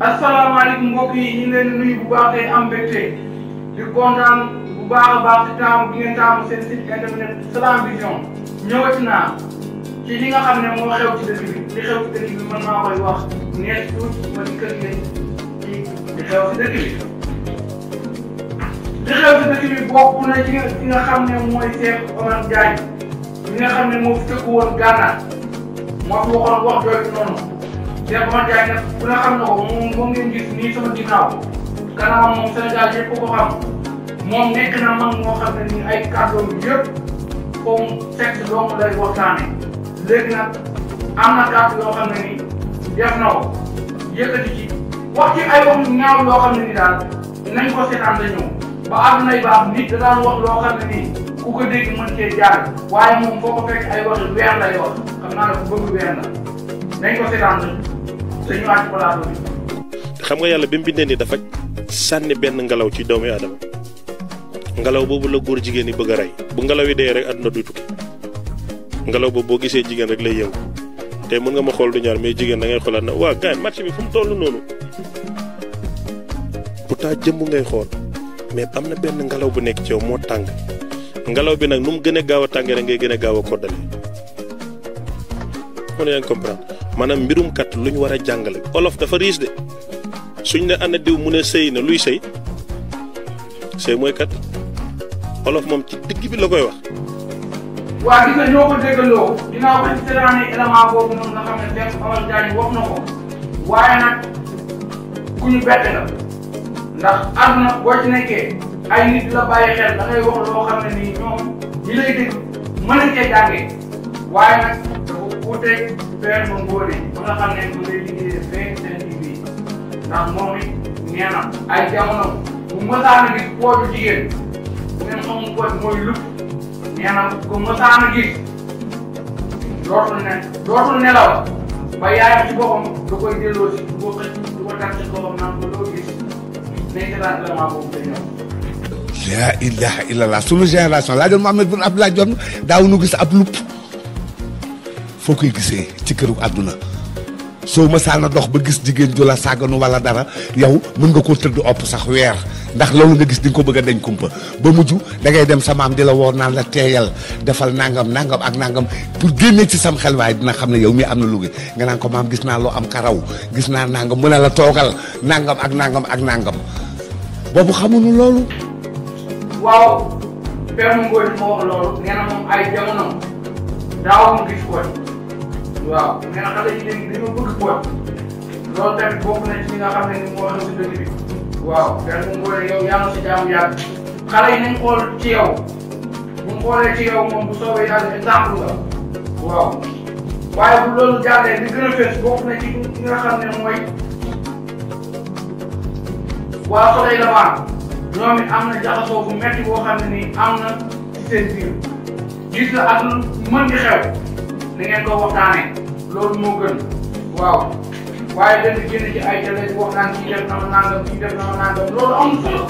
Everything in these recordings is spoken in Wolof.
asalaamaaleykum mbokk yi ñu ngi leen bu baax tey di kontaan bu baax a taamu bi ngeen taamu seen site internet Salam Vision ñëwati naa ci li nga xam ne moo xew ci dëkk bi li xew ci dëkk bi man maa koy wax neex tuuti ma di kër gi di xew ci dëkk bi. li xew na ci nga xam ne mooy Cheikh Omar Diagne bi nga xam ne moo fi tëkku woon Ghana. moom moo ko wax jooju noonu Cheikh Omar Diagne nag ku ne xam na ko moom moom ngeen gis nii sama ginnaaw kanamam moom Sénégal yëpp ku ko xam moom nekk na mag moo xam ne nii ay kàddoom yëpp comme sexe dong lay waxtaane léegi nag am na kàddu yoo xam ne nii def na yëkkati ci wax ci ay wax ñaaw loo xam ne ni daal nañ ko seetaan la ñëw ba am nay baax nit da daan wax loo xam ne nii ku ko dégg mën cee jaar waaye moom foo fekk ay wax weer naa xam nga yàlla bi mu bindee nii dafa sànni benn ngelaw ci doomu aadama ngelaw boobu la góor jigéen yi bëgg a rey bu ngelaw yi dee rek àdduna du tukki ngelaw boobu boo gisee jigéen rek lay yëngu te mën nga ma xool du ñaar mais jigéen da ngay xoolaat na waa gars match bi fu mu toll noonu jëm bu ngay xool mais am na benn ngelaw bu nekk ci yow moo tàng ngelaw bi nag nu mu gën a gaaw a tàngee rek ngay gën a gaaw a koddale xaw ma maanaam mbirum kat lu ñu war a jàngale olof dafa riis de suñ ne ana diw mu ne sëy na luy sëy sëy mooy olof moom ci digg bi la koy wax. waa gis ñoo ko déggaloo ko seetaan élément ne benn xamal jaani wax na ko waaye nag ku ñu bett la ndax àdduna boo ci nekkee ay nit la bàyyi xel da wax loo xam ne nii ñoom ñi lay mën nañ cee jàngee waaye nag. uuteeg père Mangore ba nga xam ne mu ngi liggéeyee vingt cinq mille ndax moom it nee na ay jamono bu mësaana gis pooju jigéen bu ngeen xamul pooj mooy lupp nee na bu mësaana gis dootul ne dootul nelaw ba yaayam ci boppam da koy delloo si du ko xëcc du ko tax ci boppam naan ko doo gis nañ ko daal vraiment boobu day ñëw. laa ilaha illallah sunu génération laa doon Mouhamed bun Abdallah Dionne daaw nu gis ab lupp. foo koy gisee ci këru àdduna soo na dox ba gis jigéen ju la sàgganu wala dara yow mën nga koo tëdd opp sax weer ndax loolu nga gis di ko bëgg a dañ kumpa ba mujj da ngay dem sa maam di la woo naan la teeyal defal nangam nangam ak nangam pour génne ci sam xel waaye dina xam ne yow mii am na lu nga naan ko maam gis naa loo am karaw gis naa nangam mu ne la toogal nàngam ak nangam ak nangam boobu xamuñu loolu. waaw. Père Ngoye moo wax loolu. nee waaw mais xale yi léegi dañoo bëgg boot loolu tamit bokk na ci li ne ni moo xew si dëkk bi waaw benn ngoone yow yaa ngi si jaamu yàgg xale yi nañ xool ci yow bu mu xoolee ci yow moom bu soobee yàlla exemple nga waaw waaye bu loolu jàllee li gën a fees bokk na ci li nga xam ne mooy waa Soleil Levant ñoom it am na jaxasoo bu métti boo xam ne nii am na ci seen biir gis la ak mën di xew ni ngeen ko waxtaanee loolu moo gën waaw waaye dañu génn ci ay jële waxtaan ci def na ma nangam ci def na ma nangam loolu solo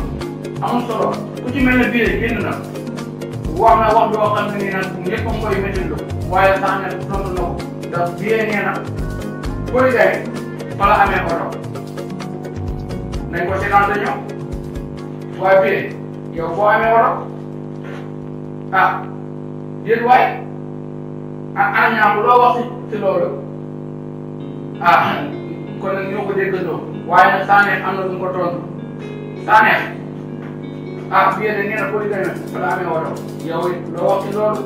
amul solo ku ci mel ne bii génn na wax na wax doo xam ne nii nag ñëpp a koy météo waaye sax na tontu na ko ndax bii nee na booy jaay fa la amee oto nañ ko seetaan te ñëw waaye bii yow boo amee oto ah déet ah Agnam loo wax ci loolu ah kon nag ñoo ko déggandoo waaye nag saa neex am na lu mu ko tontu saa neex ah, na polygame balaa amee woto yow it loo wax ci loolu.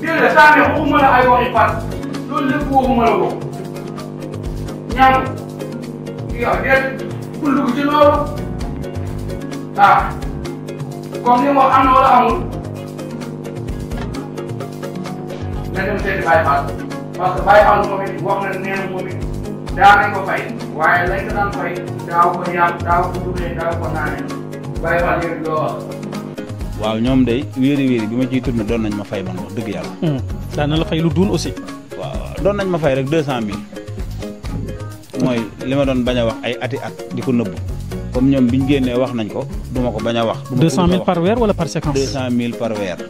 dégg nga saa neex waxuma la ay waxi far loolu lépp waxuma la ko ñaar yow déet bul dugg ci loolu ah comme li mu wax am nga dem seeti Baye Fall parce que Baye Fall moom it wax na nee na moom it daa nañ ko fay waaye lañ ko daan fay daaw ko yàq daaw ko duggee daaw ko naanee Baye Fall yooyu loo wax. waaw ñoom de wéeri wéeri bi ma ciy tourné doon nañ a fay man wax dëgg yàlla. Hmm. daan na la fay lu duun aussi. waaw doon nañ ma fay rek deux cent mille mooy li ma doon bañ a wax ay ati at di ko nëbbu comme ñoom bi ñu génnee wax nañ ko duma ko bañ a wax. duma ko deux cent mille par weer wala par séquence. deux cent mille par weer.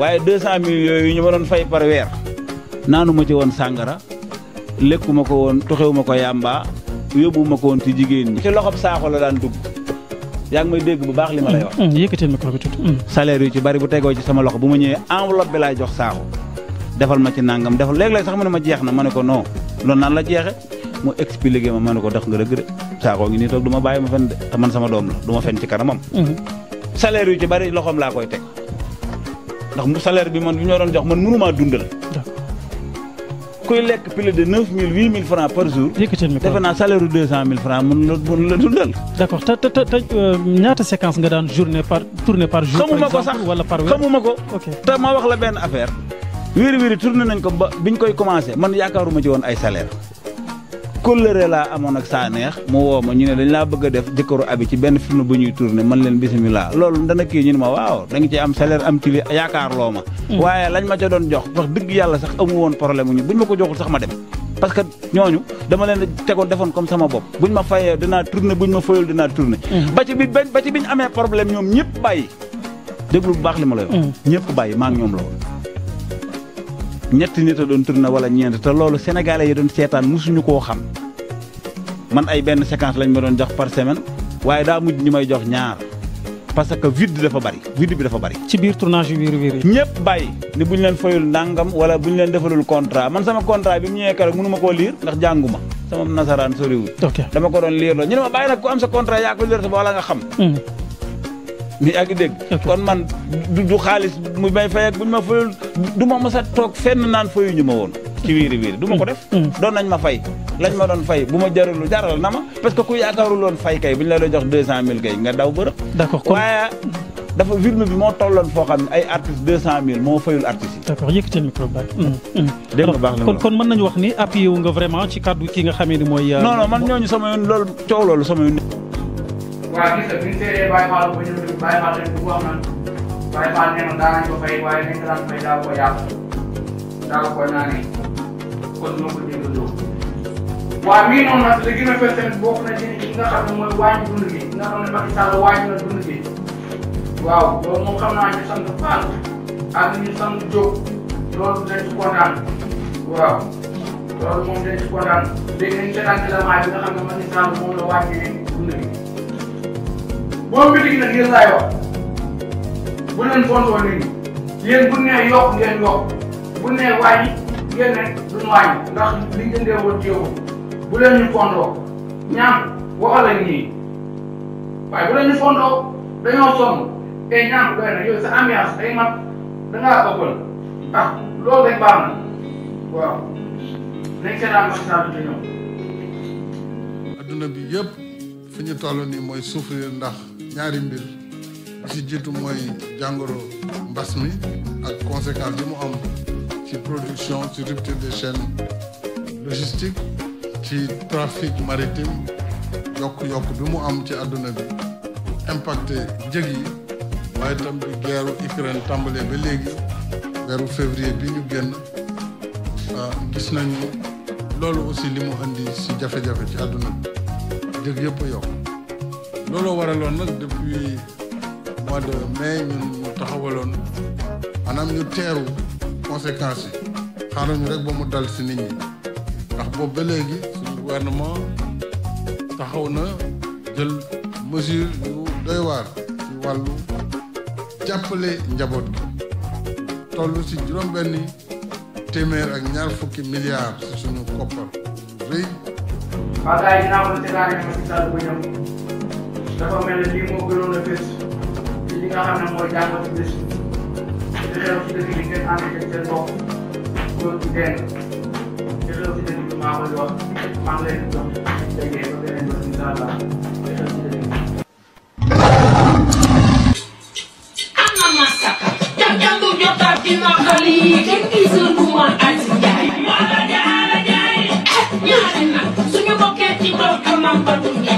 waaye 200 mille yooyu ñu ma doon fay par weer naanu ma ci woon sàngara lekkuma ko woon toxewuma ko yàmba yóbbuma ko woon ci jigéen ñi. ci loxob saako la daan dugg yaa ngi may dégg bu baax li ma lay wax. Mm, yëkkatil micro bi tuuti. Mm. salaire yu ci bari bu tegoo ci sama loxo bu ma ñëwee enveloppe bi laay jox saako defal ma ci nangam defal léeg-léeg sax mu ne ma jeex na ma ne ko non loolu nan la jeexe mu expliqué ma ma ne ko dox nga dëgg de saako ngi nii toog du ma bàyyi ma fen de man sama doom la du ma fen ci kanamam. Mm. salaire yu ndax mu salaire bi man bi ñoo doon jox mi defe naa salaire ru euh, nga daan journée par tournée par jour. par exemple sax wala par weer xamuma ko sax xamuma wax la benn affaire. wiri wiri tourné nañ ko ba biñ koy commencé man yaakaaruma ci woon ay salaire kóllëre laa amoon ak Sanekh mu woo ma ñu ne dañ laa bëgg def jëkkëru abi ci benn film bu ñuy tourné man leen bisimilah loolu dana kii ñu ne ma waaw da nga ci am salaire am ci li mm. waaye lañ ma jox wax dëgg yàlla sax amu woon problème ñu buñ ma ko joxul sax ma dem parce ñooñu dama leen tegoon defoon comme sama bopp buñ ma fayee dinaa tourné buñ ma fayul dinaa tourné mm. ba ci bi ba ci biñ amee problème ñoom ñëpp bàyyi déglu bu baax li ma lay mm. ñëpp bàyyi maa ngi ñoom la ñetti nit a doon tourné wala ñeent te loolu sénégalais yi doon seetaan mosuñu koo xam man ay benn séquence lañ ma doon jox par semaine waaye daa mujj ñu may jox ñaar parce que vide dafa bari vide bi dafa bari. ci biir tournage biir biir yi. ñëpp bàyyi ni bu ñu leen fayul ndàngam wala bu ñu leen defalul contrat man sama contrat bi mu ñëwee keroog ma koo liir ndax jàngu ma sama nasaraan soriwul. dama ko doon liir loolu ñu ne bàyyi nag ku am sa contrat yaa ko nga xam. Hmm. mi yaa dégg kon man du xaalis mu may fay ak buñ ma fayul du ma mës a toog fenn naan fayuñu ma woon ci wiiri wiiri du ma ko mm. def mm. doon nañ ma fay lañ ma bu ma jaralu jaral na ma parce que ku yaakaarul woon fay kay bu ñu la doon jox deux cent mille kay nga daw bërëb d'accord moo tolloon foo xam ne ay artistes deux cent mille moo fayul artistes mm. na kon kon nañu wax ni appuyé wu nga vraiment ci kàddu ki nga xamee ni mooy. Euh, non non man ñooñu sama yoon loolu coow loolu sama yoon. waaw gis nga bi ñu teeree Baye Fall ba ñëw dugg Baye Fall dañ ko wax naan Baye Fall nee na daan nañ ko fay waaye nañ ko daan fay daaw ko yàq daaw ko naanee kon ñoo ko jëndoo. waaw mii li gën a fës tamit bokk na ci li nga xam ne mooy wàññi dund gi nga xam ne Macky Sall wàññi na dund gi waaw loolu moom xam naa ñu sant Fall ak ñu sant Diop loolu dañ ci kontaan waaw loolu moom dañ ci kontaan léegi nañ seetaan ci la maa bi nga xam ne Macky Sall moom moom bitig nag yéen laay bu leen fontoo nit ñi bu nee yokk ngeen yokk bu nee wàññi ngeen ne duñ ndax li ngeen dee woon bu leen ñu fontoo ñaam waxal ak ñii bu leen ñu fontoo dañoo sonn te ñaam doy na yow sa ambiance day mat da ngaa ëppal ndax loolu rek baax na waaw nañ seetaan bi ñëw adduna ñu toll mooy souffrir ndax ñaari mbir bi si jiitu mooy jàngoro mbas mi ak conséquence bi mu am ci production ci rupture des chaînes logistiques ci trafic maritime yokk-yokk bi mu am ci àdduna bi impacté njëg yi waaye tam bi guerru Ukraine tàmbalee ba léegi weeru février bi ñu génn ah, gis nañu loolu aussi li mu indi si jafe-jafe ci àdduna bi njëg yëpp yokk looloo waraloon nag depuis mois de mai ñun ñu taxawaloon maanaam ñu teeru conséquences yi xaaral ñu rek ba mu dal si nit ñi ndax boobu ba léegi suñu gouvernement taxaw na jël mesure yu doy ci wàllu jàppale njaboot gi toll si juróom-benni téeméer ak ñaar fukki milliards si suñu koppar rëy. dafa mel ne lii moo gënoon a fës ci li nga xam ne mooy jàngatu bés di xew ci dëkk bi ngeen ànd ak seen bopp góor gi benn di xew ci dëkk bi maa ko jox maa ngi leen di jox déggee ba beneen yoon incha allah di xew ci dëkk bi. Thank you.